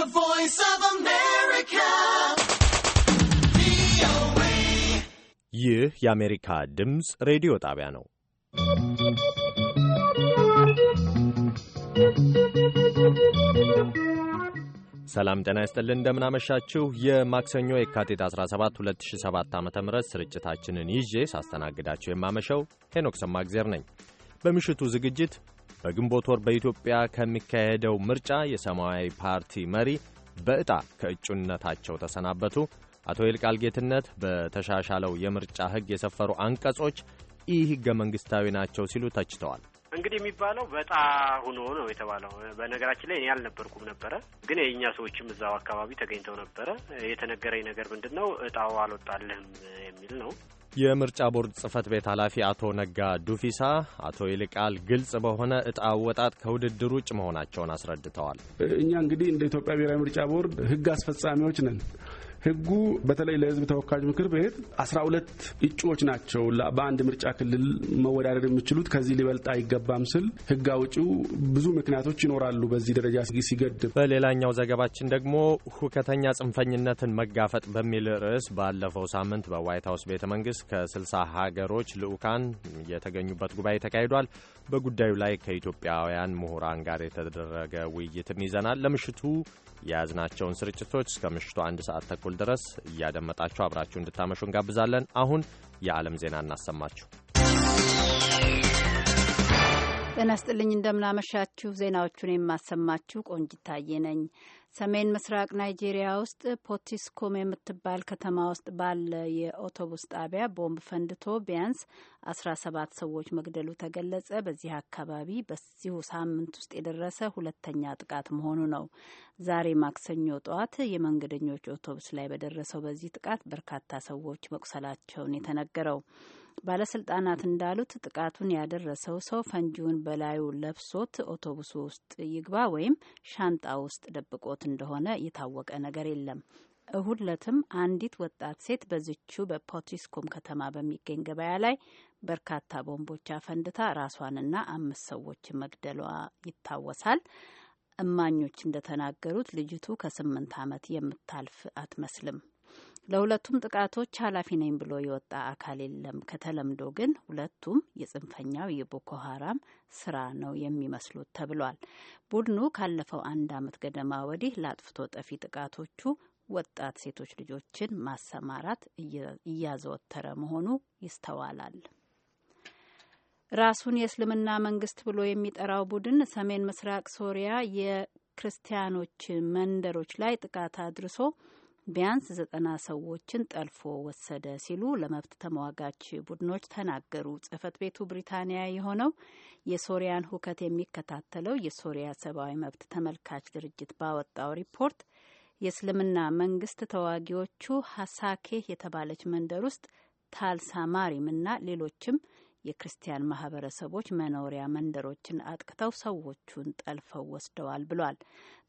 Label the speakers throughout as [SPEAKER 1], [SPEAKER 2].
[SPEAKER 1] The Voice of
[SPEAKER 2] America.
[SPEAKER 3] ይህ
[SPEAKER 4] የአሜሪካ ድምፅ ሬዲዮ ጣቢያ ነው። ሰላም ጤና ይስጥልን። እንደምናመሻችሁ የማክሰኞ የካቲት 17 2007 ዓ ም ስርጭታችንን ይዤ ሳስተናግዳችሁ የማመሸው ሄኖክ ሰማግዜር ነኝ። በምሽቱ ዝግጅት በግንቦት ወር በኢትዮጵያ ከሚካሄደው ምርጫ የሰማያዊ ፓርቲ መሪ በዕጣ ከእጩነታቸው ተሰናበቱ። አቶ ይልቃል ጌትነት በተሻሻለው የምርጫ ሕግ የሰፈሩ አንቀጾች ኢ ሕገ መንግሥታዊ ናቸው ሲሉ ተችተዋል።
[SPEAKER 5] እንግዲህ የሚባለው በጣ ሁኖ ነው የተባለው። በነገራችን ላይ እኔ አልነበርኩም ነበረ፣ ግን የእኛ ሰዎችም እዛው አካባቢ ተገኝተው ነበረ። የተነገረኝ ነገር ምንድን ነው እጣው አልወጣልህም የሚል ነው።
[SPEAKER 4] የምርጫ ቦርድ ጽህፈት ቤት ኃላፊ አቶ ነጋ ዱፊሳ አቶ ይልቃል ግልጽ በሆነ እጣ አወጣጥ ከውድድር ውጭ መሆናቸውን አስረድተዋል።
[SPEAKER 6] እኛ እንግዲህ እንደ ኢትዮጵያ ብሔራዊ ምርጫ ቦርድ ህግ አስፈጻሚዎች ነን። ህጉ በተለይ ለህዝብ ተወካዮች ምክር ቤት አስራ ሁለት እጩዎች ናቸው በአንድ ምርጫ ክልል መወዳደር የሚችሉት ከዚህ ሊበልጥ አይገባም ስል ህግ አውጪው ብዙ ምክንያቶች ይኖራሉ በዚህ ደረጃ ሲገድብ።
[SPEAKER 4] በሌላኛው ዘገባችን ደግሞ ሁከተኛ ጽንፈኝነትን መጋፈጥ በሚል ርዕስ ባለፈው ሳምንት በዋይት ሀውስ ቤተ መንግስት ከስልሳ ሀገሮች ልዑካን የተገኙበት ጉባኤ ተካሂዷል። በጉዳዩ ላይ ከኢትዮጵያውያን ምሁራን ጋር የተደረገ ውይይትም ይዘናል። ለምሽቱ የያዝናቸውን ስርጭቶች እስከ ምሽቱ አንድ ሰዓት ተኩል ተኩል ድረስ እያደመጣችሁ አብራችሁ እንድታመሹ እንጋብዛለን። አሁን የዓለም ዜና እናሰማችሁ።
[SPEAKER 2] ጤና ስጥልኝ እንደምናመሻችሁ። ዜናዎቹን የማሰማችሁ ቆንጂታዬ ነኝ። ሰሜን ምስራቅ ናይጄሪያ ውስጥ ፖቲስኮም የምትባል ከተማ ውስጥ ባለ የአውቶቡስ ጣቢያ ቦምብ ፈንድቶ ቢያንስ አስራ ሰባት ሰዎች መግደሉ ተገለጸ። በዚህ አካባቢ በዚሁ ሳምንት ውስጥ የደረሰ ሁለተኛ ጥቃት መሆኑ ነው። ዛሬ ማክሰኞ ጠዋት የመንገደኞች አውቶቡስ ላይ በደረሰው በዚህ ጥቃት በርካታ ሰዎች መቁሰላቸውን የተነገረው ባለስልጣናት እንዳሉት ጥቃቱን ያደረሰው ሰው ፈንጂውን በላዩ ለብሶት አውቶቡሱ ውስጥ ይግባ ወይም ሻንጣ ውስጥ ደብቆት እንደሆነ የታወቀ ነገር የለም። እሁድ ለትም አንዲት ወጣት ሴት በዝቹ በፖቲስኩም ከተማ በሚገኝ ገበያ ላይ በርካታ ቦምቦች አፈንድታ ራሷንና አምስት ሰዎች መግደሏ ይታወሳል። እማኞች እንደተናገሩት ልጅቱ ከስምንት ዓመት የምታልፍ አትመስልም። ለሁለቱም ጥቃቶች ኃላፊ ነኝ ብሎ የወጣ አካል የለም። ከተለምዶ ግን ሁለቱም የጽንፈኛው የቦኮ ሀራም ስራ ነው የሚመስሉት ተብሏል። ቡድኑ ካለፈው አንድ ዓመት ገደማ ወዲህ ለአጥፍቶ ጠፊ ጥቃቶቹ ወጣት ሴቶች ልጆችን ማሰማራት እያዘወተረ መሆኑ ይስተዋላል። ራሱን የእስልምና መንግስት ብሎ የሚጠራው ቡድን ሰሜን ምስራቅ ሶሪያ የክርስቲያኖች መንደሮች ላይ ጥቃት አድርሶ ቢያንስ ዘጠና ሰዎችን ጠልፎ ወሰደ ሲሉ ለመብት ተሟጋች ቡድኖች ተናገሩ። ጽህፈት ቤቱ ብሪታንያ የሆነው የሶሪያን ሁከት የሚከታተለው የሶሪያ ሰብአዊ መብት ተመልካች ድርጅት ባወጣው ሪፖርት የእስልምና መንግስት ተዋጊዎቹ ሀሳኬህ የተባለች መንደር ውስጥ ታልሳ ማሪም እና ሌሎችም የክርስቲያን ማህበረሰቦች መኖሪያ መንደሮችን አጥቅተው ሰዎቹን ጠልፈው ወስደዋል ብሏል።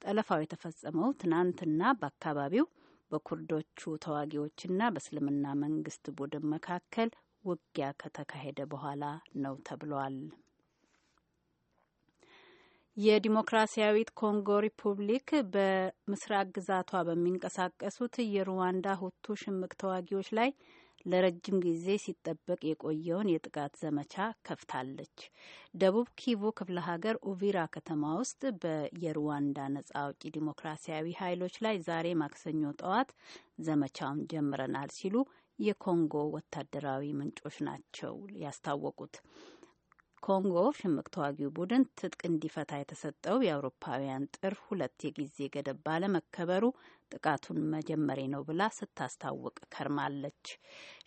[SPEAKER 2] ጠለፋው የተፈጸመው ትናንትና በአካባቢው በኩርዶቹ ተዋጊዎችና በእስልምና መንግስት ቡድን መካከል ውጊያ ከተካሄደ በኋላ ነው ተብሏል። የዲሞክራሲያዊት ኮንጎ ሪፑብሊክ በምስራቅ ግዛቷ በሚንቀሳቀሱት የሩዋንዳ ሁቱ ሽምቅ ተዋጊዎች ላይ ለረጅም ጊዜ ሲጠበቅ የቆየውን የጥቃት ዘመቻ ከፍታለች። ደቡብ ኪቩ ክፍለ ሀገር ኡቪራ ከተማ ውስጥ በየሩዋንዳ ነጻ አውጪ ዲሞክራሲያዊ ኃይሎች ላይ ዛሬ ማክሰኞ ጠዋት ዘመቻውን ጀምረናል ሲሉ የኮንጎ ወታደራዊ ምንጮች ናቸው ያስታወቁት። ኮንጎ ሽምቅ ተዋጊው ቡድን ትጥቅ እንዲፈታ የተሰጠው የአውሮፓውያን ጥር ሁለት የጊዜ ገደብ ባለመከበሩ ጥቃቱን መጀመሬ ነው ብላ ስታስታውቅ ከርማለች።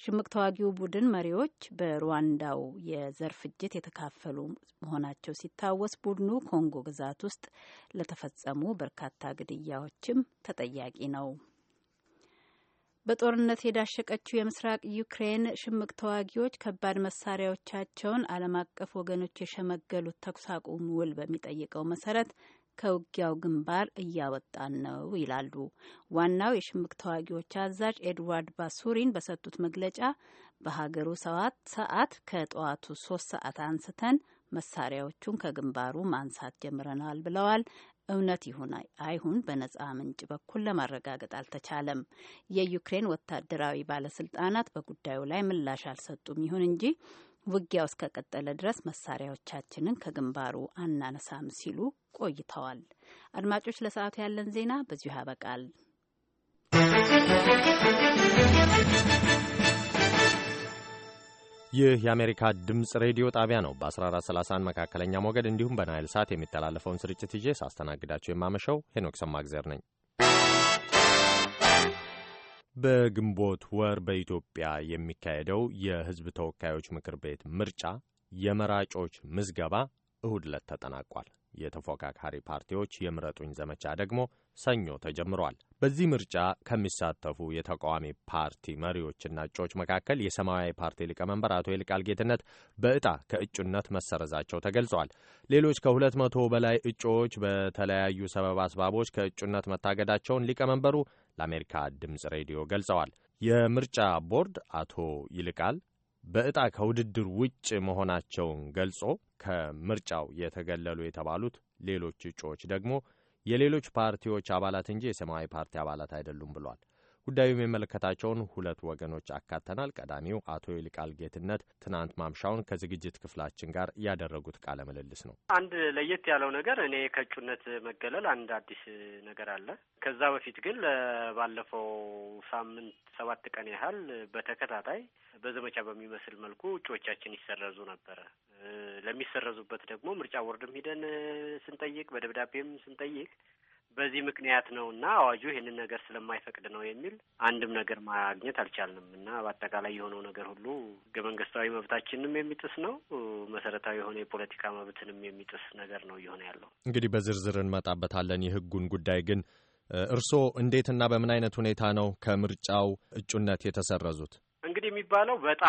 [SPEAKER 2] ሽምቅ ተዋጊው ቡድን መሪዎች በሩዋንዳው የዘር ፍጅት የተካፈሉ መሆናቸው ሲታወስ ቡድኑ ኮንጎ ግዛት ውስጥ ለተፈጸሙ በርካታ ግድያዎችም ተጠያቂ ነው። በጦርነት የዳሸቀችው የምስራቅ ዩክሬን ሽምቅ ተዋጊዎች ከባድ መሳሪያዎቻቸውን ዓለም አቀፍ ወገኖች የሸመገሉት ተኩስ አቁም ውል በሚጠይቀው መሰረት ከውጊያው ግንባር እያወጣን ነው ይላሉ። ዋናው የሽምቅ ተዋጊዎች አዛዥ ኤድዋርድ ባሱሪን በሰጡት መግለጫ በሀገሩ ሰዋት ሰዓት ከጠዋቱ ሶስት ሰዓት አንስተን መሳሪያዎቹን ከግንባሩ ማንሳት ጀምረናል ብለዋል። እውነት ይሁን አይሁን በነጻ ምንጭ በኩል ለማረጋገጥ አልተቻለም። የዩክሬን ወታደራዊ ባለስልጣናት በጉዳዩ ላይ ምላሽ አልሰጡም። ይሁን እንጂ ውጊያው እስከቀጠለ ድረስ መሳሪያዎቻችንን ከግንባሩ አናነሳም ሲሉ ቆይተዋል። አድማጮች፣ ለሰዓቱ ያለን ዜና በዚሁ ያበቃል።
[SPEAKER 4] ይህ የአሜሪካ ድምፅ ሬዲዮ ጣቢያ ነው። በ1431 መካከለኛ ሞገድ እንዲሁም በናይል ሳት የሚተላለፈውን ስርጭት ይዤ ሳስተናግዳችሁ የማመሸው ሄኖክ ሰማግዘር ነኝ። በግንቦት ወር በኢትዮጵያ የሚካሄደው የሕዝብ ተወካዮች ምክር ቤት ምርጫ የመራጮች ምዝገባ እሁድ ዕለት ተጠናቋል። የተፎካካሪ ፓርቲዎች የምረጡኝ ዘመቻ ደግሞ ሰኞ ተጀምሯል። በዚህ ምርጫ ከሚሳተፉ የተቃዋሚ ፓርቲ መሪዎችና እጩዎች መካከል የሰማያዊ ፓርቲ ሊቀመንበር አቶ ይልቃል ጌትነት በእጣ ከእጩነት መሰረዛቸው ተገልጿል። ሌሎች ከሁለት መቶ በላይ እጩዎች በተለያዩ ሰበብ አስባቦች ከእጩነት መታገዳቸውን ሊቀመንበሩ ለአሜሪካ ድምፅ ሬዲዮ ገልጸዋል። የምርጫ ቦርድ አቶ ይልቃል በእጣ ከውድድር ውጭ መሆናቸውን ገልጾ ከምርጫው የተገለሉ የተባሉት ሌሎች እጩዎች ደግሞ የሌሎች ፓርቲዎች አባላት እንጂ የሰማያዊ ፓርቲ አባላት አይደሉም ብሏል። ጉዳዩ የሚመለከታቸውን ሁለት ወገኖች አካተናል። ቀዳሚው አቶ ይልቃል ጌትነት ትናንት ማምሻውን ከዝግጅት ክፍላችን ጋር ያደረጉት ቃለ ምልልስ ነው።
[SPEAKER 5] አንድ ለየት ያለው ነገር እኔ ከእጩነት መገለል አንድ አዲስ ነገር አለ። ከዛ በፊት ግን ባለፈው ሳምንት ሰባት ቀን ያህል በተከታታይ በዘመቻ በሚመስል መልኩ እጩዎቻችን ይሰረዙ ነበረ። ለሚሰረዙበት ደግሞ ምርጫ ቦርድም ሂደን ስንጠይቅ፣ በደብዳቤም ስንጠይቅ በዚህ ምክንያት ነው እና አዋጁ ይህንን ነገር ስለማይፈቅድ ነው የሚል አንድም ነገር ማግኘት አልቻልንም እና በአጠቃላይ የሆነው ነገር ሁሉ ህገ መንግስታዊ መብታችንም የሚጥስ ነው፣ መሰረታዊ የሆነ የፖለቲካ መብትንም የሚጥስ ነገር ነው እየሆነ
[SPEAKER 4] ያለው። እንግዲህ በዝርዝር እንመጣበታለን የህጉን ጉዳይ ግን እርስዎ እንዴትና በምን አይነት ሁኔታ ነው ከምርጫው እጩነት የተሰረዙት?
[SPEAKER 5] የሚባለው በጣ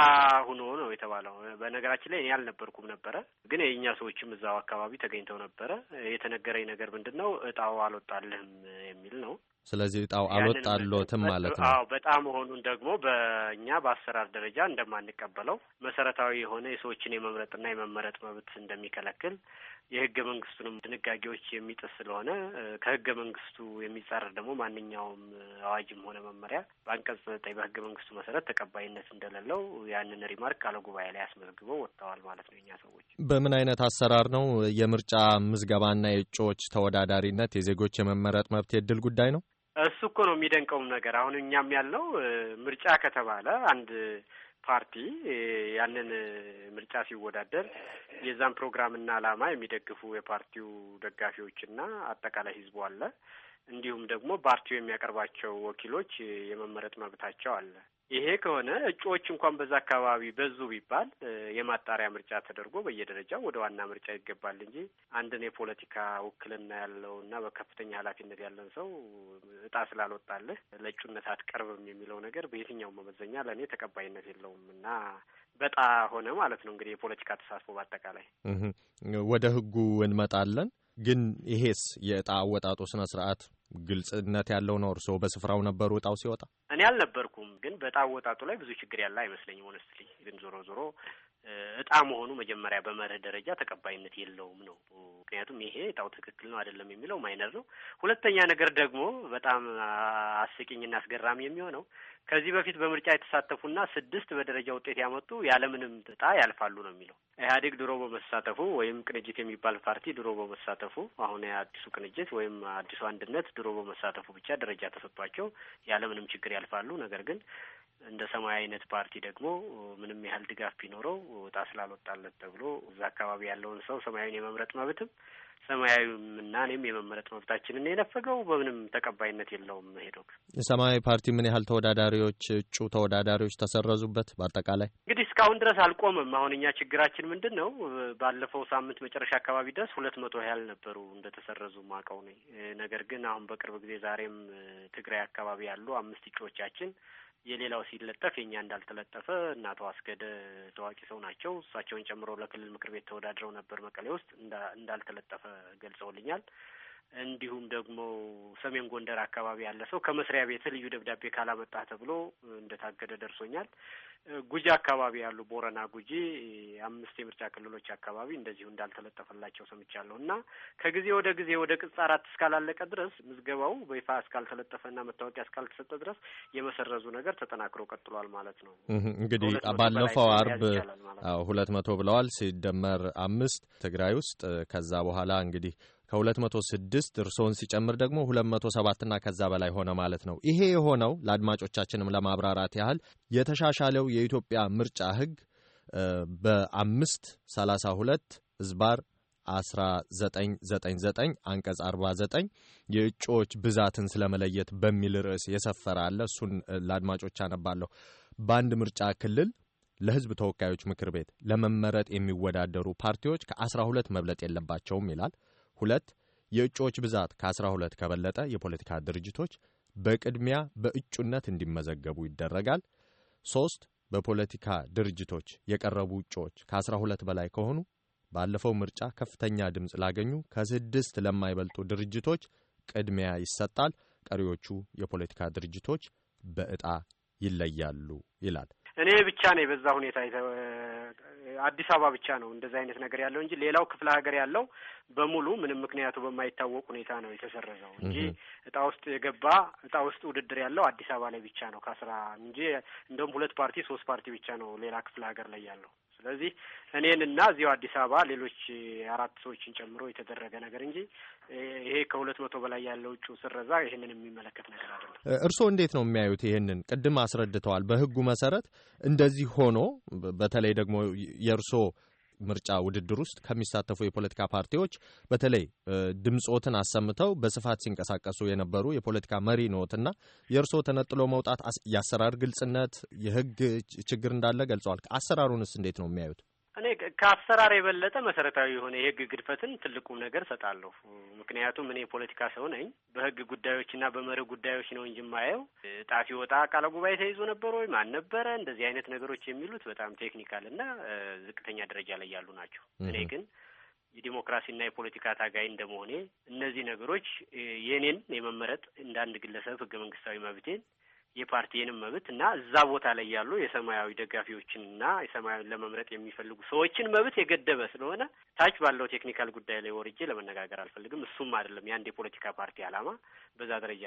[SPEAKER 5] ሁኖ ነው የተባለው። በነገራችን ላይ እኔ አልነበርኩም ነበረ፣ ግን የእኛ ሰዎችም እዛው አካባቢ ተገኝተው ነበረ። የተነገረኝ ነገር ምንድን ነው እጣው አልወጣልህም የሚል ነው።
[SPEAKER 4] ስለዚህ እጣው አልወጣልዎትም ማለት ነው። አዎ
[SPEAKER 5] በጣም መሆኑን ደግሞ በእኛ በአሰራር ደረጃ እንደማንቀበለው መሰረታዊ የሆነ የሰዎችን የመምረጥና የመመረጥ መብት እንደሚከለክል የህገ መንግስቱንም ድንጋጌዎች የሚጥስ ስለሆነ ከህገ መንግስቱ የሚጻረር ደግሞ ማንኛውም አዋጅም ሆነ መመሪያ በአንቀጽ ዘጠኝ በህገ መንግስቱ መሰረት ተቀባይነት እንደሌለው ያንን ሪማርክ አለ ጉባኤ ላይ አስመዝግበው ወጥተዋል ማለት ነው። እኛ
[SPEAKER 4] ሰዎች በምን አይነት አሰራር ነው የምርጫ ምዝገባና የእጩዎች ተወዳዳሪነት የዜጎች የመመረጥ መብት የድል ጉዳይ ነው?
[SPEAKER 5] እሱ እኮ ነው የሚደንቀውም ነገር አሁን እኛም ያለው ምርጫ ከተባለ አንድ ፓርቲ ያንን ምርጫ ሲወዳደር የዛን ፕሮግራምና ዓላማ የሚደግፉ የፓርቲው ደጋፊዎችና አጠቃላይ ህዝቡ አለ። እንዲሁም ደግሞ ፓርቲው የሚያቀርባቸው ወኪሎች የመመረጥ መብታቸው አለ። ይሄ ከሆነ እጩዎች እንኳን በዛ አካባቢ በዙ ቢባል የማጣሪያ ምርጫ ተደርጎ በየደረጃው ወደ ዋና ምርጫ ይገባል እንጂ አንድን የፖለቲካ ውክልና ያለው እና በከፍተኛ ኃላፊነት ያለን ሰው እጣ ስላልወጣልህ ለእጩነት አትቀርብም የሚለው ነገር በየትኛውም መመዘኛ ለእኔ ተቀባይነት የለውም እና በጣ ሆነ ማለት ነው እንግዲህ የፖለቲካ ተሳትፎ በአጠቃላይ
[SPEAKER 4] ወደ ህጉ እንመጣለን። ግን ይሄስ የእጣ አወጣጡ ስነ ስርዓት ግልጽነት ያለው ነው። እርስዎ በስፍራው ነበሩ እጣው ሲወጣ?
[SPEAKER 5] እኔ አልነበርኩም፣ ግን በእጣ አወጣጡ ላይ ብዙ ችግር ያለ አይመስለኝም። ሆነስትሊ ግን ዞሮ ዞሮ እጣ መሆኑ መጀመሪያ በመርህ ደረጃ ተቀባይነት የለውም ነው። ምክንያቱም ይሄ እጣው ትክክል ነው አይደለም የሚለው ማይነር ነው። ሁለተኛ ነገር ደግሞ በጣም አስቂኝና አስገራሚ የሚሆነው ከዚህ በፊት በምርጫ የተሳተፉና ስድስት በደረጃ ውጤት ያመጡ ያለምንም እጣ ያልፋሉ ነው የሚለው። ኢህአዴግ ድሮ በመሳተፉ ወይም ቅንጅት የሚባል ፓርቲ ድሮ በመሳተፉ አሁን የአዲሱ ቅንጅት ወይም አዲሱ አንድነት ድሮ በመሳተፉ ብቻ ደረጃ ተሰጥቷቸው ያለምንም ችግር ያልፋሉ። ነገር ግን እንደ ሰማያዊ አይነት ፓርቲ ደግሞ ምንም ያህል ድጋፍ ቢኖረው ወጣ ስላልወጣለት ተብሎ እዛ አካባቢ ያለውን ሰው ሰማያዊን የመምረጥ መብትም ሰማያዊም እና እኔም የመመረጥ መብታችንን የነፈገው በምንም ተቀባይነት የለውም። ሄዶክ
[SPEAKER 4] የሰማያዊ ፓርቲ ምን ያህል ተወዳዳሪዎች እጩ ተወዳዳሪዎች ተሰረዙበት? በአጠቃላይ
[SPEAKER 5] እንግዲህ እስካሁን ድረስ አልቆምም። አሁን እኛ ችግራችን ምንድን ነው? ባለፈው ሳምንት መጨረሻ አካባቢ ድረስ ሁለት መቶ ያህል ነበሩ እንደተሰረዙ ማቀው ነኝ። ነገር ግን አሁን በቅርብ ጊዜ ዛሬም ትግራይ አካባቢ ያሉ አምስት እጩዎቻችን የሌላው ሲለጠፍ የኛ እንዳልተለጠፈ እና አቶ አስገደ ታዋቂ ሰው ናቸው። እሳቸውን ጨምሮ ለክልል ምክር ቤት ተወዳድረው ነበር መቀሌ ውስጥ እንዳልተለጠፈ ገልጸውልኛል። እንዲሁም ደግሞ ሰሜን ጎንደር አካባቢ ያለ ሰው ከመስሪያ ቤት ልዩ ደብዳቤ ካላመጣህ ተብሎ እንደታገደ ደርሶኛል። ጉጂ አካባቢ ያሉ ቦረና፣ ጉጂ አምስት የምርጫ ክልሎች አካባቢ እንደዚሁ እንዳልተለጠፈላቸው ሰምቻለሁ እና ከጊዜ ወደ ጊዜ ወደ ቅጽ አራት እስካላለቀ ድረስ ምዝገባው በይፋ እስካልተለጠፈና መታወቂያ እስካልተሰጠ ድረስ የመሰረዙ ነገር ተጠናክሮ ቀጥሏል ማለት ነው።
[SPEAKER 4] እንግዲህ ባለፈው አርብ ሁለት መቶ ብለዋል ሲደመር አምስት ትግራይ ውስጥ ከዛ በኋላ እንግዲህ ከ206 እርስዎን ሲጨምር ደግሞ 207ና ከዛ በላይ ሆነ ማለት ነው። ይሄ የሆነው ለአድማጮቻችንም ለማብራራት ያህል የተሻሻለው የኢትዮጵያ ምርጫ ሕግ በአምስት 32 ዝባር 1999 አንቀጽ 49 የእጩዎች ብዛትን ስለመለየት በሚል ርዕስ የሰፈረ አለ። እሱን ለአድማጮች አነባለሁ። በአንድ ምርጫ ክልል ለህዝብ ተወካዮች ምክር ቤት ለመመረጥ የሚወዳደሩ ፓርቲዎች ከ12 መብለጥ የለባቸውም ይላል። ሁለት የእጩዎች ብዛት ከ12 ከበለጠ የፖለቲካ ድርጅቶች በቅድሚያ በእጩነት እንዲመዘገቡ ይደረጋል። ሶስት በፖለቲካ ድርጅቶች የቀረቡ እጩዎች ከ12 በላይ ከሆኑ ባለፈው ምርጫ ከፍተኛ ድምፅ ላገኙ ከስድስት ለማይበልጡ ድርጅቶች ቅድሚያ ይሰጣል። ቀሪዎቹ የፖለቲካ ድርጅቶች በዕጣ ይለያሉ ይላል።
[SPEAKER 5] እኔ ብቻ ነኝ በዛ ሁኔታ አዲስ አበባ ብቻ ነው እንደዚህ አይነት ነገር ያለው እንጂ ሌላው ክፍለ ሀገር ያለው በሙሉ ምንም ምክንያቱ በማይታወቅ ሁኔታ ነው የተሰረዘው እንጂ እጣ ውስጥ የገባ እጣ ውስጥ ውድድር ያለው አዲስ አበባ ላይ ብቻ ነው ከአስራ እንጂ እንደውም ሁለት ፓርቲ ሶስት ፓርቲ ብቻ ነው ሌላ ክፍለ ሀገር ላይ ያለው። ስለዚህ እኔንና እዚሁ አዲስ አበባ ሌሎች አራት ሰዎችን ጨምሮ የተደረገ ነገር እንጂ ይሄ ከሁለት መቶ በላይ ያለው እጩ ስረዛ ይህንን የሚመለከት ነገር
[SPEAKER 4] አይደለም። እርስዎ እንዴት ነው የሚያዩት? ይህንን ቅድም አስረድተዋል። በህጉ መሰረት እንደዚህ ሆኖ በተለይ ደግሞ የእርስዎ ምርጫ ውድድር ውስጥ ከሚሳተፉ የፖለቲካ ፓርቲዎች በተለይ ድምፆትን አሰምተው በስፋት ሲንቀሳቀሱ የነበሩ የፖለቲካ መሪ ነትና የእርስዎ ተነጥሎ መውጣት የአሰራር ግልጽነት፣ የህግ ችግር እንዳለ ገልጸዋል። አሰራሩንስ እንዴት ነው የሚያዩት?
[SPEAKER 5] እኔ ከአሰራር የበለጠ መሰረታዊ የሆነ የህግ ግድፈትን ትልቁ ነገር ሰጣለሁ። ምክንያቱም እኔ የፖለቲካ ሰው ነኝ። በህግ ጉዳዮችና በመርህ ጉዳዮች ነው እንጂ የማየው ጣፊ ወጣ ቃለ ጉባኤ ተይዞ ነበር ወይ ማን ነበረ እንደዚህ አይነት ነገሮች የሚሉት በጣም ቴክኒካል እና ዝቅተኛ ደረጃ ላይ ያሉ ናቸው። እኔ ግን የዲሞክራሲና የፖለቲካ ታጋይ እንደመሆኔ እነዚህ ነገሮች የእኔን የመመረጥ እንደ አንድ ግለሰብ ህገ መንግስታዊ መብቴን የፓርቲንም መብት እና እዛ ቦታ ላይ ያሉ የሰማያዊ ደጋፊዎችን እና የሰማያዊን ለመምረጥ የሚፈልጉ ሰዎችን መብት የገደበ ስለሆነ ታች ባለው ቴክኒካል ጉዳይ ላይ ወርጄ ለመነጋገር አልፈልግም። እሱም አይደለም የአንድ የፖለቲካ ፓርቲ ዓላማ። በዛ ደረጃ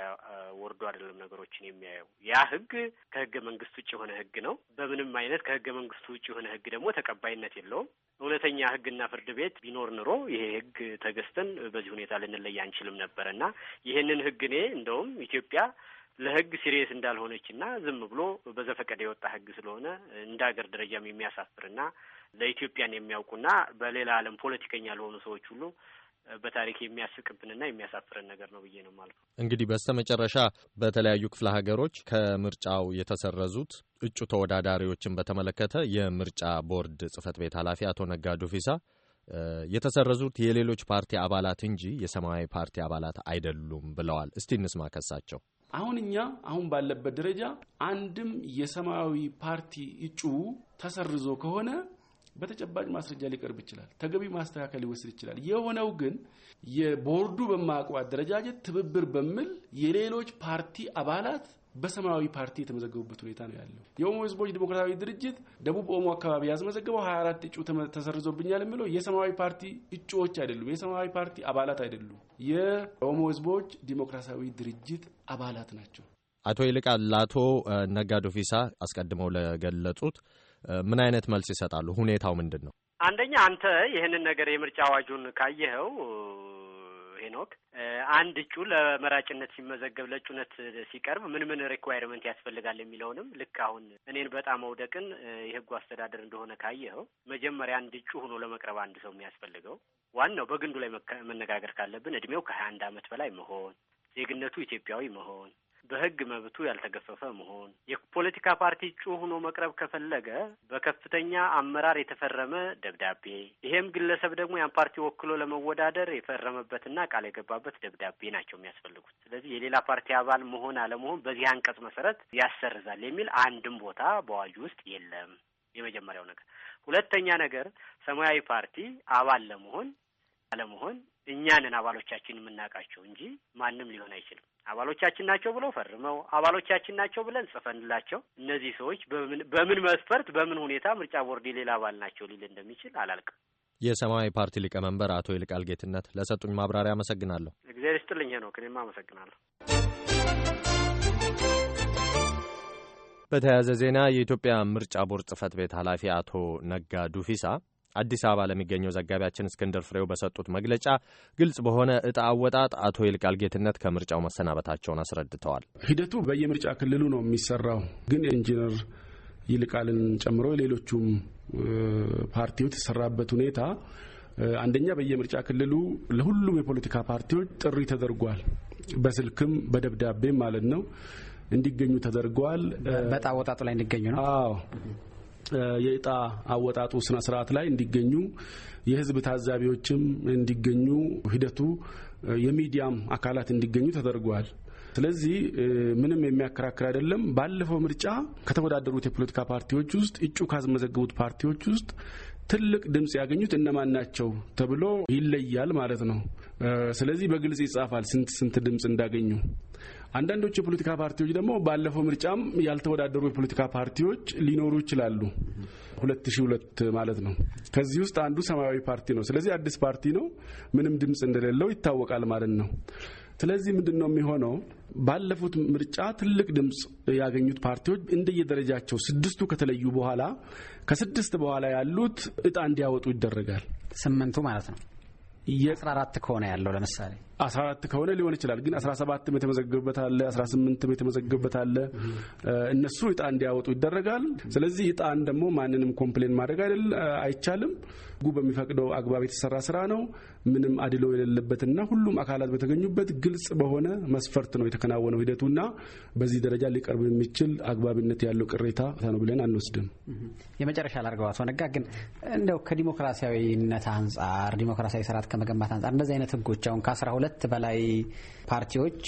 [SPEAKER 5] ወርዶ አይደለም ነገሮችን የሚያየው። ያ ህግ ከህገ መንግስት ውጭ የሆነ ህግ ነው። በምንም አይነት ከህገ መንግስት ውጭ የሆነ ህግ ደግሞ ተቀባይነት የለውም። እውነተኛ ህግና ፍርድ ቤት ቢኖር ኑሮ ይሄ ህግ ተገዝተን በዚህ ሁኔታ ልንለይ አንችልም ነበረ እና ይህንን ህግ እኔ እንደውም ኢትዮጵያ ለህግ ሲሪየስ እንዳልሆነች እና ዝም ብሎ በዘፈቀደ የወጣ ህግ ስለሆነ እንደ ሀገር ደረጃም የሚያሳፍርና ለኢትዮጵያን የሚያውቁና በሌላ ዓለም ፖለቲከኛ ለሆኑ ሰዎች ሁሉ በታሪክ የሚያስቅብንና የሚያሳፍረን ነገር ነው ብዬ ነው ማለት ነው።
[SPEAKER 4] እንግዲህ በስተ መጨረሻ በተለያዩ ክፍለ ሀገሮች ከምርጫው የተሰረዙት እጩ ተወዳዳሪዎችን በተመለከተ የምርጫ ቦርድ ጽህፈት ቤት ኃላፊ አቶ ነጋዱ ፊሳ የተሰረዙት የሌሎች ፓርቲ አባላት እንጂ የሰማያዊ ፓርቲ አባላት አይደሉም ብለዋል። እስቲ እንስማ ከሳቸው
[SPEAKER 6] አሁን እኛ አሁን ባለበት ደረጃ አንድም የሰማያዊ ፓርቲ እጩ ተሰርዞ ከሆነ በተጨባጭ ማስረጃ ሊቀርብ ይችላል። ተገቢ ማስተካከል ሊወስድ ይችላል። የሆነው ግን የቦርዱ በማያውቀው አደረጃጀት ትብብር በሚል የሌሎች ፓርቲ አባላት በሰማያዊ ፓርቲ የተመዘገቡበት ሁኔታ ነው ያለው። የኦሞ ህዝቦች ዲሞክራሲያዊ ድርጅት ደቡብ ኦሞ አካባቢ ያስመዘገበው 24 እጩ ተሰርዞብኛል የሚለው የሰማያዊ ፓርቲ እጩዎች አይደሉም፣ የሰማያዊ ፓርቲ አባላት አይደሉም። የኦሞ ህዝቦች ዲሞክራሲያዊ ድርጅት አባላት ናቸው።
[SPEAKER 4] አቶ ይልቃል ለአቶ ነጋዶ ፊሳ አስቀድመው ለገለጹት ምን አይነት መልስ ይሰጣሉ? ሁኔታው ምንድን ነው?
[SPEAKER 5] አንደኛ አንተ ይህንን ነገር የምርጫ አዋጁን ካየኸው ሄኖክ አንድ እጩ ለመራጭነት ሲመዘገብ ለእጩነት ሲቀርብ ምን ምን ሪኳይርመንት ያስፈልጋል የሚለውንም ልክ አሁን እኔን በጣም መውደቅን የህጉ አስተዳደር እንደሆነ ካየኸው መጀመሪያ አንድ እጩ ሆኖ ለመቅረብ አንድ ሰው የሚያስፈልገው ዋናው በግንዱ ላይ መነጋገር ካለብን እድሜው ከሀያ አንድ አመት በላይ መሆን፣ ዜግነቱ ኢትዮጵያዊ መሆን በህግ መብቱ ያልተገፈፈ መሆን፣ የፖለቲካ ፓርቲ እጩ ሆኖ መቅረብ ከፈለገ በከፍተኛ አመራር የተፈረመ ደብዳቤ፣ ይሄም ግለሰብ ደግሞ ያን ፓርቲ ወክሎ ለመወዳደር የፈረመበትና ቃል የገባበት ደብዳቤ ናቸው የሚያስፈልጉት። ስለዚህ የሌላ ፓርቲ አባል መሆን አለመሆን በዚህ አንቀጽ መሰረት ያሰርዛል የሚል አንድም ቦታ በአዋጁ ውስጥ የለም። የመጀመሪያው ነገር። ሁለተኛ ነገር ሰማያዊ ፓርቲ አባል ለመሆን አለመሆን እኛንን አባሎቻችን የምናውቃቸው እንጂ ማንም ሊሆን አይችልም። አባሎቻችን ናቸው ብለው ፈርመው አባሎቻችን ናቸው ብለን ጽፈንላቸው እነዚህ ሰዎች በምን መስፈርት በምን ሁኔታ ምርጫ ቦርድ የሌላ አባል ናቸው ሊል እንደሚችል አላልቅም።
[SPEAKER 4] የሰማያዊ ፓርቲ ሊቀመንበር አቶ ይልቃል ጌትነት ለሰጡኝ ማብራሪያ አመሰግናለሁ።
[SPEAKER 5] እግዚአብሔር ይስጥልኝ ነው ክኔማ አመሰግናለሁ።
[SPEAKER 4] በተያያዘ ዜና የኢትዮጵያ ምርጫ ቦርድ ጽህፈት ቤት ኃላፊ አቶ ነጋ ዱፊሳ አዲስ አበባ ለሚገኘው ዘጋቢያችን እስክንድር ፍሬው በሰጡት መግለጫ ግልጽ በሆነ እጣ አወጣጥ አቶ ይልቃል ጌትነት ከምርጫው መሰናበታቸውን አስረድተዋል።
[SPEAKER 6] ሂደቱ በየምርጫ ክልሉ ነው የሚሰራው። ግን ኢንጂነር ይልቃልን ጨምሮ ሌሎቹም ፓርቲዎች የተሰራበት ሁኔታ አንደኛ በየምርጫ ክልሉ ለሁሉም የፖለቲካ ፓርቲዎች ጥሪ ተደርጓል። በስልክም በደብዳቤም ማለት ነው እንዲገኙ ተደርገዋል። በጣ ወጣጡ ላይ እንዲገኙ ነው። አዎ የእጣ አወጣጡ ስነ ስርዓት ላይ እንዲገኙ የህዝብ ታዛቢዎችም እንዲገኙ ሂደቱ የሚዲያም አካላት እንዲገኙ ተደርጓል። ስለዚህ ምንም የሚያከራክር አይደለም። ባለፈው ምርጫ ከተወዳደሩት የፖለቲካ ፓርቲዎች ውስጥ እጩ ካስመዘገቡት ፓርቲዎች ውስጥ ትልቅ ድምፅ ያገኙት እነማን ናቸው ተብሎ ይለያል ማለት ነው። ስለዚህ በግልጽ ይጻፋል ስንት ስንት ድምፅ እንዳገኙ አንዳንዶቹ የፖለቲካ ፓርቲዎች ደግሞ ባለፈው ምርጫም ያልተወዳደሩ የፖለቲካ ፓርቲዎች ሊኖሩ ይችላሉ። ሁለት ሺ ሁለት ማለት ነው። ከዚህ ውስጥ አንዱ ሰማያዊ ፓርቲ ነው። ስለዚህ አዲስ ፓርቲ ነው፣ ምንም ድምፅ እንደሌለው ይታወቃል ማለት ነው። ስለዚህ ምንድን ነው የሚሆነው? ባለፉት ምርጫ ትልቅ ድምፅ ያገኙት ፓርቲዎች እንደየደረጃቸው ስድስቱ ከተለዩ በኋላ ከስድስት በኋላ ያሉት እጣ እንዲያወጡ ይደረጋል። ስምንቱ ማለት ነው። የአስራ አራት
[SPEAKER 4] ከሆነ ያለው ለምሳሌ
[SPEAKER 6] አስራ ከሆነ ሊሆን ይችላል። ግን አስራ ም የተመዘገበበት አለ፣ አስራ 18ም የተመዘገበበት አለ። እነሱ እጣ እንዲያወጡ ይደረጋል። ስለዚህ እጣን ደግሞ ማንንም ኮምፕሌን ማድረግ አይደል አይቻልም። ህጉ በሚፈቅደው አግባብ የተሰራ ስራ ነው። ምንም አድሎ የሌለበትና ሁሉም አካላት በተገኙበት ግልጽ በሆነ መስፈርት ነው የተከናወነው ሂደቱና በዚህ ደረጃ ሊቀርብ የሚችል አግባብነት ያለው ቅሬታ ነው ብለን አንወስድም።
[SPEAKER 5] የመጨረሻ ላድርገው። አቶ ነጋ ግን እንደው ከዲሞክራሲያዊነት አንጻር ዲሞክራሲያዊ ስርዓት ከመገንባት አንጻር እንደዚህ አይነት ህጎች አሁን ከአስራ ሁለት ከሁለት በላይ ፓርቲዎች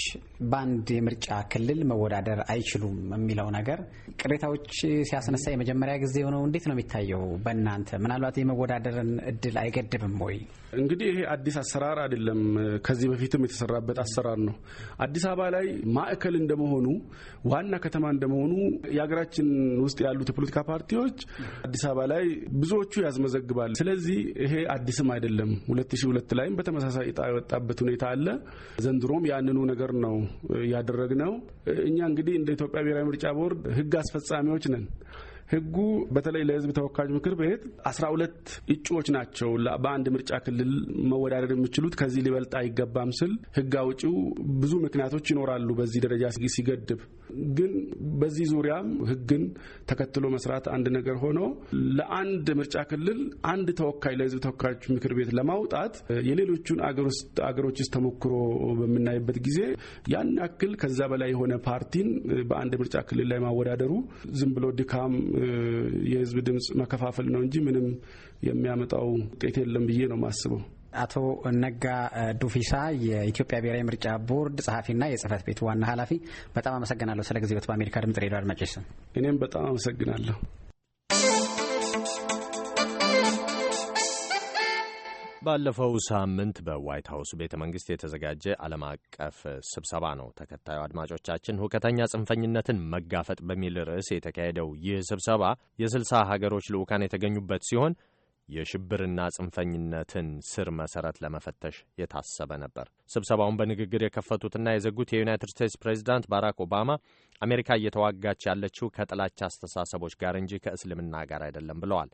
[SPEAKER 5] በአንድ የምርጫ ክልል መወዳደር አይችሉም የሚለው ነገር ቅሬታዎች ሲያስነሳ የመጀመሪያ ጊዜ ሆነው እንዴት ነው የሚታየው? በእናንተ ምናልባት የመወዳደርን እድል አይገድብም ወይ?
[SPEAKER 6] እንግዲህ ይሄ አዲስ አሰራር አይደለም። ከዚህ በፊትም የተሰራበት አሰራር ነው። አዲስ አበባ ላይ ማዕከል እንደመሆኑ ዋና ከተማ እንደመሆኑ የሀገራችን ውስጥ ያሉት የፖለቲካ ፓርቲዎች አዲስ አበባ ላይ ብዙዎቹ ያስመዘግባል። ስለዚህ ይሄ አዲስም አይደለም። ሁለት ሺህ ሁለት ላይም በተመሳሳይ እጣ የወጣበት ሁኔታ ስላለ ዘንድሮም ያንኑ ነገር ነው ያደረግነው። እኛ እንግዲህ እንደ ኢትዮጵያ ብሔራዊ ምርጫ ቦርድ ህግ አስፈጻሚዎች ነን። ህጉ በተለይ ለህዝብ ተወካዮች ምክር ቤት አስራ ሁለት እጩዎች ናቸው በአንድ ምርጫ ክልል መወዳደር የሚችሉት ከዚህ ሊበልጥ አይገባም ስል ህግ አውጪው ብዙ ምክንያቶች ይኖራሉ በዚህ ደረጃ ሲገድብ ግን በዚህ ዙሪያም ህግን ተከትሎ መስራት አንድ ነገር ሆኖ ለአንድ ምርጫ ክልል አንድ ተወካይ ለህዝብ ተወካዮች ምክር ቤት ለማውጣት የሌሎቹን ስ ተሞክሮ በምናይበት ጊዜ ያን ያክል ከዛ በላይ የሆነ ፓርቲን በአንድ ምርጫ ክልል ላይ ማወዳደሩ ዝም ብሎ ድካም የህዝብ ድምፅ መከፋፈል ነው እንጂ ምንም የሚያመጣው ውጤት የለም ብዬ ነው የማስበው። አቶ ነጋ ዱፊሳ የኢትዮጵያ ብሔራዊ ምርጫ ቦርድ ጸሐፊና የጽህፈት ቤት ዋና ኃላፊ፣ በጣም አመሰግናለሁ
[SPEAKER 4] ስለ ጊዜዎት በአሜሪካ ድምጽ ሬዲዮ አድማጮች ስም። እኔም በጣም አመሰግናለሁ። ባለፈው ሳምንት በዋይት ሀውስ ቤተ መንግስት የተዘጋጀ ዓለም አቀፍ ስብሰባ ነው ተከታዩ አድማጮቻችን። ሁከተኛ ጽንፈኝነትን መጋፈጥ በሚል ርዕስ የተካሄደው ይህ ስብሰባ የስልሳ ሀገሮች ልዑካን የተገኙበት ሲሆን የሽብርና ጽንፈኝነትን ስር መሰረት ለመፈተሽ የታሰበ ነበር። ስብሰባውን በንግግር የከፈቱትና የዘጉት የዩናይትድ ስቴትስ ፕሬዚዳንት ባራክ ኦባማ አሜሪካ እየተዋጋች ያለችው ከጥላቻ አስተሳሰቦች ጋር እንጂ ከእስልምና ጋር አይደለም ብለዋል።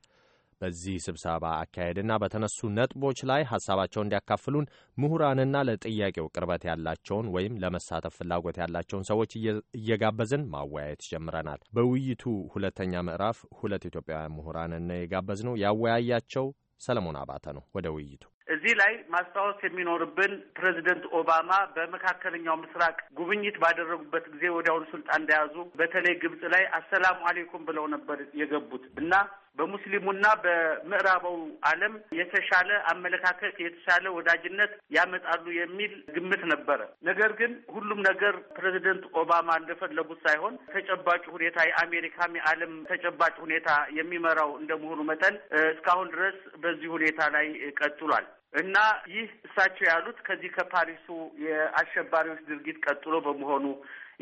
[SPEAKER 4] በዚህ ስብሰባ አካሄድና በተነሱ ነጥቦች ላይ ሀሳባቸውን እንዲያካፍሉን ምሁራንና ለጥያቄው ቅርበት ያላቸውን ወይም ለመሳተፍ ፍላጎት ያላቸውን ሰዎች እየጋበዝን ማወያየት ጀምረናል። በውይይቱ ሁለተኛ ምዕራፍ ሁለት ኢትዮጵያውያን ምሁራንን የጋበዝ ነው። ያወያያቸው ሰለሞን አባተ ነው። ወደ ውይይቱ
[SPEAKER 1] እዚህ ላይ ማስታወስ የሚኖርብን ፕሬዚደንት ኦባማ በመካከለኛው ምስራቅ ጉብኝት ባደረጉበት ጊዜ ወዲያውኑ ስልጣን እንደያዙ በተለይ ግብጽ ላይ አሰላሙ አሌይኩም ብለው ነበር የገቡት እና በሙስሊሙና በምዕራባዊ ዓለም የተሻለ አመለካከት የተሻለ ወዳጅነት ያመጣሉ የሚል ግምት ነበረ። ነገር ግን ሁሉም ነገር ፕሬዚደንት ኦባማ እንደፈለጉት ሳይሆን ተጨባጭ ሁኔታ የአሜሪካም የዓለም ተጨባጭ ሁኔታ የሚመራው እንደመሆኑ መጠን እስካሁን ድረስ በዚህ ሁኔታ ላይ ቀጥሏል። እና ይህ እሳቸው ያሉት ከዚህ ከፓሪሱ የአሸባሪዎች ድርጊት ቀጥሎ በመሆኑ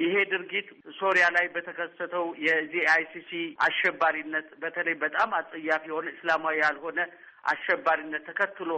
[SPEAKER 1] ይሄ ድርጊት ሶሪያ ላይ በተከሰተው የዚህ አይሲሲ አሸባሪነት በተለይ በጣም አጸያፊ የሆነ እስላማዊ ያልሆነ አሸባሪነት ተከትሎ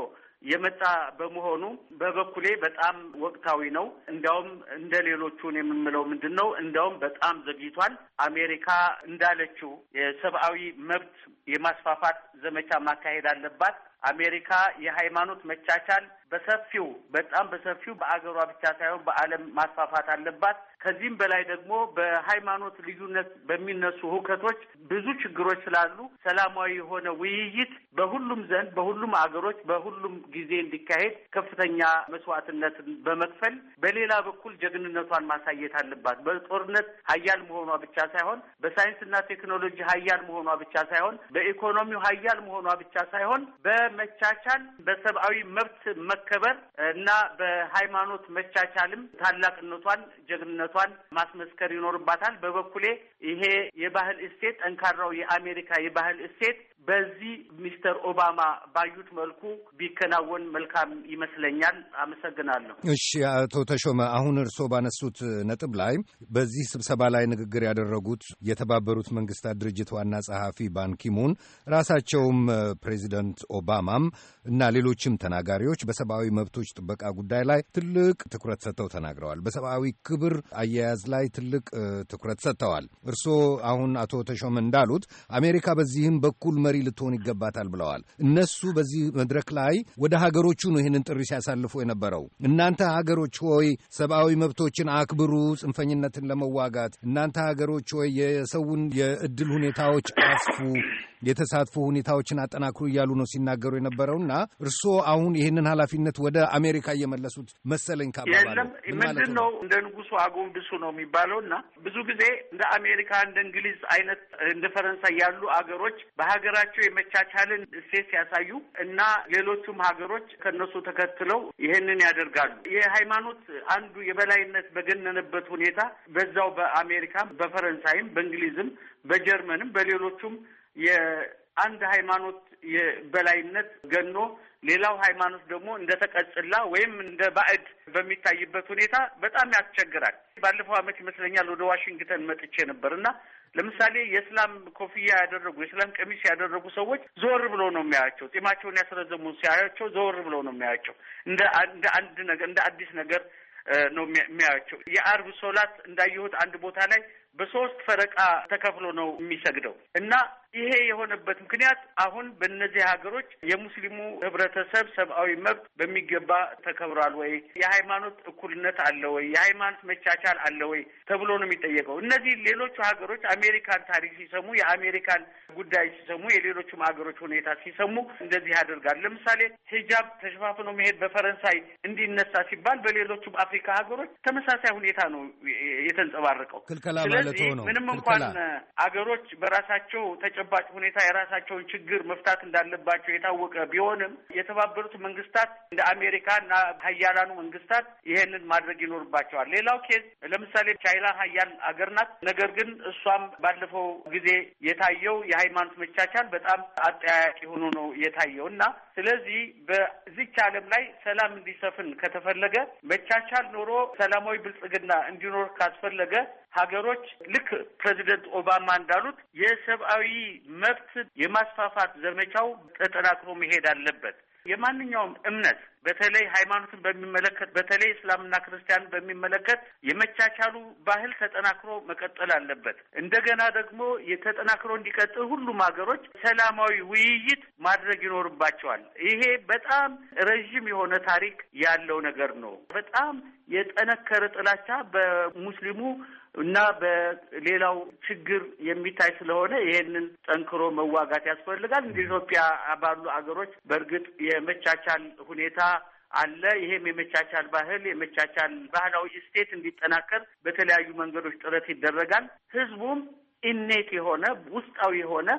[SPEAKER 1] የመጣ በመሆኑ በበኩሌ በጣም ወቅታዊ ነው። እንዲያውም እንደ ሌሎቹን የምንለው ምንድን ነው፣ እንዲያውም በጣም ዘግይቷል። አሜሪካ እንዳለችው የሰብአዊ መብት የማስፋፋት ዘመቻ ማካሄድ አለባት። አሜሪካ የሃይማኖት መቻቻል በሰፊው በጣም በሰፊው በአገሯ ብቻ ሳይሆን በዓለም ማስፋፋት አለባት። ከዚህም በላይ ደግሞ በሃይማኖት ልዩነት በሚነሱ ሁከቶች ብዙ ችግሮች ስላሉ ሰላማዊ የሆነ ውይይት በሁሉም ዘንድ በሁሉም አገሮች በሁሉም ጊዜ እንዲካሄድ ከፍተኛ መስዋዕትነት በመክፈል በሌላ በኩል ጀግንነቷን ማሳየት አለባት። በጦርነት ሀያል መሆኗ ብቻ ሳይሆን በሳይንስና ቴክኖሎጂ ሀያል መሆኗ ብቻ ሳይሆን በኢኮኖሚው ሀያል መሆኗ ብቻ ሳይሆን በመቻቻል በሰብአዊ መብት በመከበር እና በሃይማኖት መቻቻልም ታላቅነቷን፣ ጀግንነቷን ማስመስከር ይኖርባታል። በበኩሌ ይሄ የባህል እሴት ጠንካራው የአሜሪካ የባህል እሴት በዚህ ሚስተር ኦባማ ባዩት መልኩ ቢከናወን መልካም ይመስለኛል።
[SPEAKER 7] አመሰግናለሁ።
[SPEAKER 3] እሺ፣ አቶ ተሾመ አሁን እርስዎ ባነሱት ነጥብ ላይ በዚህ ስብሰባ ላይ ንግግር ያደረጉት የተባበሩት መንግስታት ድርጅት ዋና ጸሐፊ ባንኪሙን ራሳቸውም ፕሬዚደንት ኦባማም እና ሌሎችም ተናጋሪዎች በሰብአዊ መብቶች ጥበቃ ጉዳይ ላይ ትልቅ ትኩረት ሰጥተው ተናግረዋል። በሰብአዊ ክብር አያያዝ ላይ ትልቅ ትኩረት ሰጥተዋል። እርስዎ አሁን አቶ ተሾመ እንዳሉት አሜሪካ በዚህም በኩል መሪ መሪ ልትሆን ይገባታል ብለዋል። እነሱ በዚህ መድረክ ላይ ወደ ሀገሮቹ ነው ይህንን ጥሪ ሲያሳልፉ የነበረው። እናንተ ሀገሮች ሆይ ሰብአዊ መብቶችን አክብሩ ጽንፈኝነትን ለመዋጋት እናንተ ሀገሮች ሆይ የሰውን የእድል ሁኔታዎች አስፉ የተሳትፎ ሁኔታዎችን አጠናክሩ እያሉ ነው ሲናገሩ የነበረውና እርስዎ አሁን ይህንን ኃላፊነት ወደ አሜሪካ እየመለሱት መሰለኝ። ካባባለ ምንድን
[SPEAKER 1] ነው እንደ ንጉሱ አጎንብሱ ነው የሚባለው እና ብዙ ጊዜ እንደ አሜሪካ እንደ እንግሊዝ አይነት እንደ ፈረንሳይ ያሉ አገሮች በሀገራ በራሳቸው የመቻቻልን እሴት ሲያሳዩ እና ሌሎቹም ሀገሮች ከነሱ ተከትለው ይህንን ያደርጋሉ። የሃይማኖት አንዱ የበላይነት በገነነበት ሁኔታ በዛው በአሜሪካም፣ በፈረንሳይም፣ በእንግሊዝም፣ በጀርመንም በሌሎቹም የአንድ ሃይማኖት የበላይነት ገኖ ሌላው ሃይማኖት ደግሞ እንደ ተቀጽላ ወይም እንደ ባዕድ በሚታይበት ሁኔታ በጣም ያስቸግራል። ባለፈው ዓመት ይመስለኛል ወደ ዋሽንግተን መጥቼ ነበር እና ለምሳሌ የእስላም ኮፍያ ያደረጉ የእስላም ቀሚስ ያደረጉ ሰዎች ዞር ብለው ነው የሚያያቸው። ጢማቸውን ያስረዘሙ ሲያያቸው ዞር ብለው ነው የሚያያቸው። እንደ እንደ አንድ ነገር እንደ አዲስ ነገር ነው የሚያያቸው። የአርብ ሶላት እንዳየሁት አንድ ቦታ ላይ በሶስት ፈረቃ ተከፍሎ ነው የሚሰግደው እና ይሄ የሆነበት ምክንያት አሁን በእነዚህ ሀገሮች የሙስሊሙ ህብረተሰብ ሰብአዊ መብት በሚገባ ተከብሯል ወይ፣ የሃይማኖት እኩልነት አለ ወይ፣ የሃይማኖት መቻቻል አለ ወይ ተብሎ ነው የሚጠየቀው። እነዚህ ሌሎቹ ሀገሮች አሜሪካን ታሪክ ሲሰሙ፣ የአሜሪካን ጉዳይ ሲሰሙ፣ የሌሎቹም ሀገሮች ሁኔታ ሲሰሙ እንደዚህ ያደርጋል። ለምሳሌ ሂጃብ ተሸፋፍኖ መሄድ በፈረንሳይ እንዲነሳ ሲባል በሌሎቹም አፍሪካ ሀገሮች ተመሳሳይ ሁኔታ ነው የተንጸባረቀው። ማለት ነው። ምንም እንኳን አገሮች በራሳቸው ተጨባጭ ሁኔታ የራሳቸውን ችግር መፍታት እንዳለባቸው የታወቀ ቢሆንም የተባበሩት መንግስታት እንደ አሜሪካ እና ሀያላኑ መንግስታት ይሄንን ማድረግ ይኖርባቸዋል። ሌላው ኬዝ ለምሳሌ ቻይና ሀያል አገር ናት። ነገር ግን እሷም ባለፈው ጊዜ የታየው የሃይማኖት መቻቻል በጣም አጠያያቂ ሆኖ ነው የታየው እና ስለዚህ በዚች ዓለም ላይ ሰላም እንዲሰፍን ከተፈለገ መቻቻል ኖሮ ሰላማዊ ብልጽግና እንዲኖር ካስፈለገ ሀገሮች ልክ ፕሬዚደንት ኦባማ እንዳሉት የሰብአዊ መብት የማስፋፋት ዘመቻው ተጠናክሮ መሄድ አለበት። የማንኛውም እምነት በተለይ ሃይማኖትን በሚመለከት በተለይ እስላምና ክርስቲያንን በሚመለከት የመቻቻሉ ባህል ተጠናክሮ መቀጠል አለበት። እንደገና ደግሞ የተጠናክሮ እንዲቀጥል ሁሉም ሀገሮች ሰላማዊ ውይይት ማድረግ ይኖርባቸዋል። ይሄ በጣም ረዥም የሆነ ታሪክ ያለው ነገር ነው። በጣም የጠነከረ ጥላቻ በሙስሊሙ እና በሌላው ችግር የሚታይ ስለሆነ ይሄንን ጠንክሮ መዋጋት ያስፈልጋል። እንደ ኢትዮጵያ ባሉ አገሮች በእርግጥ የመቻቻል ሁኔታ አለ። ይሄም የመቻቻል ባህል የመቻቻል ባህላዊ እስቴት እንዲጠናከር በተለያዩ መንገዶች ጥረት ይደረጋል። ህዝቡም ኢኔት የሆነ ውስጣዊ የሆነ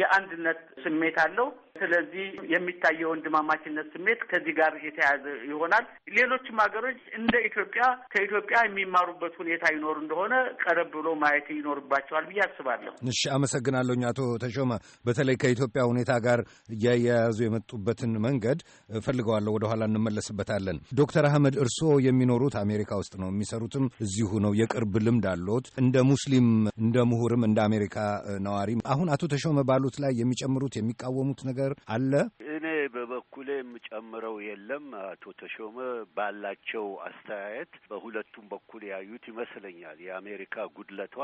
[SPEAKER 1] የአንድነት ስሜት አለው። ስለዚህ የሚታየው ወንድማማችነት ስሜት ከዚህ ጋር የተያያዘ ይሆናል። ሌሎችም ሀገሮች እንደ ኢትዮጵያ ከኢትዮጵያ የሚማሩበት ሁኔታ ይኖር እንደሆነ ቀረብ ብሎ ማየት ይኖርባቸዋል ብዬ አስባለሁ።
[SPEAKER 3] እሺ፣ አመሰግናለሁኝ አቶ ተሾመ። በተለይ ከኢትዮጵያ ሁኔታ ጋር እያያያዙ የመጡበትን መንገድ እፈልገዋለሁ። ወደኋላ እንመለስበታለን። ዶክተር አህመድ እርስዎ የሚኖሩት አሜሪካ ውስጥ ነው፣ የሚሰሩትም እዚሁ ነው። የቅርብ ልምድ አለዎት። እንደ ሙስሊም እንደ ምሁርም እንደ አሜሪካ ነዋሪም አሁን አቶ ተሾመ ባ ባሉት ላይ የሚጨምሩት የሚቃወሙት ነገር አለ?
[SPEAKER 7] እኔ በበኩሌ የምጨምረው የለም። አቶ ተሾመ ባላቸው አስተያየት በሁለቱም በኩል ያዩት ይመስለኛል። የአሜሪካ ጉድለቷ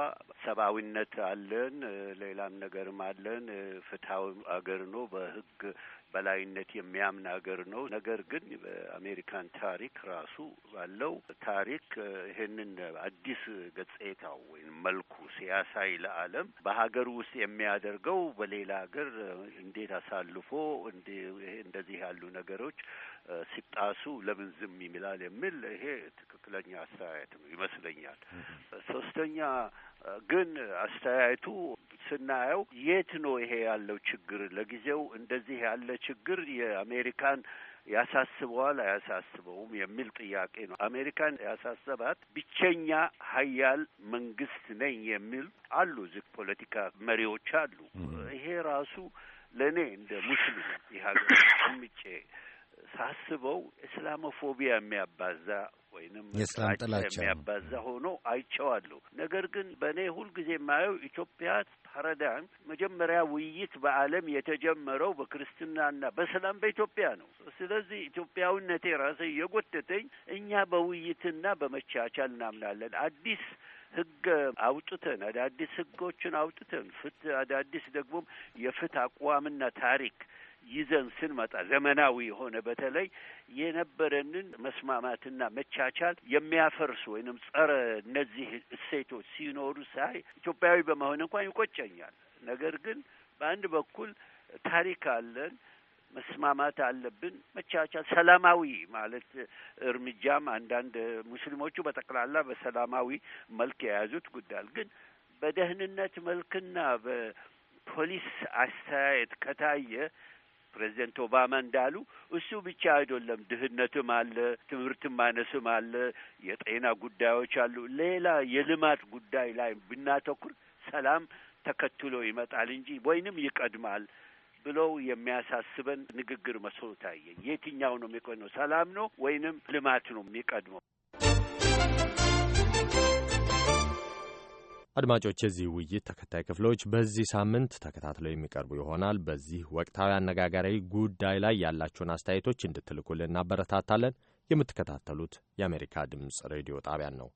[SPEAKER 7] ሰብአዊነት አለን፣ ሌላም ነገርም አለን። ፍትሐዊ አገር ነው፣ በህግ በላይነት የሚያምን ሀገር ነው። ነገር ግን በአሜሪካን ታሪክ ራሱ ባለው ታሪክ ይህንን አዲስ ገጽታው ወይም መልኩ ሲያሳይ ለዓለም በሀገር ውስጥ የሚያደርገው በሌላ ሀገር እንዴት አሳልፎ እንደዚህ ያሉ ነገሮች ሲጣሱ ለምን ዝም ይላል የሚል ይሄ ትክክለኛ አስተያየት ነው ይመስለኛል። ሶስተኛ ግን አስተያየቱ ስናየው የት ነው ይሄ ያለው ችግር? ለጊዜው እንደዚህ ያለ ችግር የአሜሪካን ያሳስበዋል አያሳስበውም የሚል ጥያቄ ነው። አሜሪካን ያሳሰባት ብቸኛ ሀያል መንግስት ነኝ የሚል አሉ ዝግ ፖለቲካ መሪዎች አሉ። ይሄ ራሱ ለእኔ እንደ ሙስሊም ይህ አገር ሳስበው እስላሞፎቢያ የሚያባዛ ወይንም የሰላም ጥላቻ የሚያባዛ ሆኖ አይቼዋለሁ። ነገር ግን በእኔ ሁልጊዜ የማየው ኢትዮጵያ ፓራዳይም መጀመሪያ ውይይት በዓለም የተጀመረው በክርስትናና በሰላም በኢትዮጵያ ነው። ስለዚህ ኢትዮጵያዊነቴ ራሴ የጎተተኝ እኛ በውይይትና በመቻቻል እናምናለን አዲስ ሕግ አውጥተን አዳዲስ ህጎችን አውጥተን ፍት አዳዲስ ደግሞ የፍት አቋምና ታሪክ ይዘን ስንመጣ ዘመናዊ የሆነ በተለይ የነበረንን መስማማትና መቻቻል የሚያፈርሱ ወይንም ጸረ እነዚህ እሴቶች ሲኖሩ ሳይ ኢትዮጵያዊ በመሆን እንኳን ይቆጨኛል። ነገር ግን በአንድ በኩል ታሪክ አለን፣ መስማማት አለብን፣ መቻቻል ሰላማዊ ማለት እርምጃም አንዳንድ ሙስሊሞቹ በጠቅላላ በሰላማዊ መልክ የያዙት ጉዳይ ግን በደህንነት መልክና በፖሊስ አስተያየት ከታየ ፕሬዚደንት ኦባማ እንዳሉ እሱ ብቻ አይደለም። ድህነትም አለ፣ ትምህርትም ማነስም አለ፣ የጤና ጉዳዮች አሉ። ሌላ የልማት ጉዳይ ላይ ብናተኩር ሰላም ተከትሎ ይመጣል እንጂ ወይንም ይቀድማል ብለው የሚያሳስበን ንግግር መስሎ ታየኝ። የትኛው ነው የሚቀድመው? ሰላም ነው ወይንም ልማት ነው የሚቀድመው?
[SPEAKER 4] አድማጮች፣ የዚህ ውይይት ተከታይ ክፍሎች በዚህ ሳምንት ተከታትለው የሚቀርቡ ይሆናል። በዚህ ወቅታዊ አነጋጋሪ ጉዳይ ላይ ያላችሁን አስተያየቶች እንድትልኩልን እናበረታታለን። የምትከታተሉት የአሜሪካ ድምፅ ሬዲዮ ጣቢያን ነው።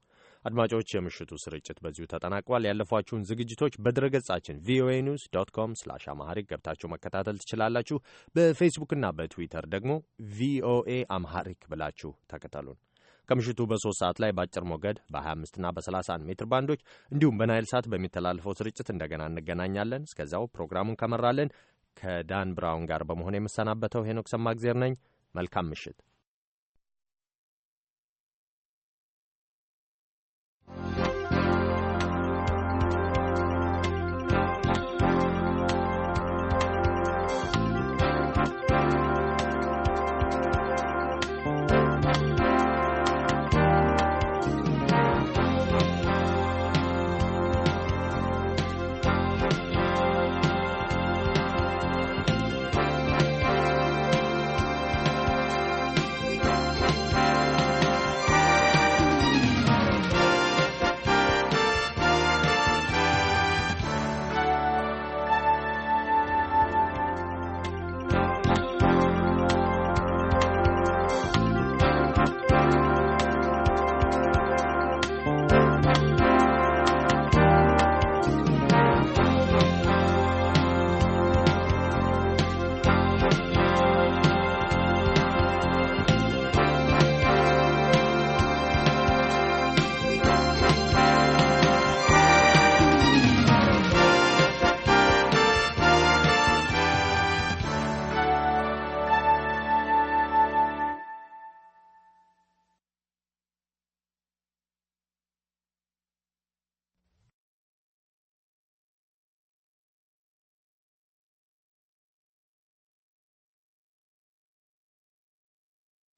[SPEAKER 4] አድማጮች፣ የምሽቱ ስርጭት በዚሁ ተጠናቋል። ያለፏችሁን ዝግጅቶች በድረገጻችን ቪኦኤ ኒውስ ዶት ኮም ስላሽ አማሐሪክ ገብታችሁ መከታተል ትችላላችሁ። በፌስቡክና በትዊተር ደግሞ ቪኦኤ አምሃሪክ ብላችሁ ተከተሉን። ከምሽቱ በሶስት ሰዓት ላይ በአጭር ሞገድ በ25 እና በ31 ሜትር ባንዶች እንዲሁም በናይል ሳት በሚተላለፈው ስርጭት እንደገና እንገናኛለን። እስከዚያው ፕሮግራሙን ከመራለን ከዳን ብራውን ጋር በመሆን የምሰናበተው ሄኖክ ሰማግዜር ነኝ። መልካም ምሽት።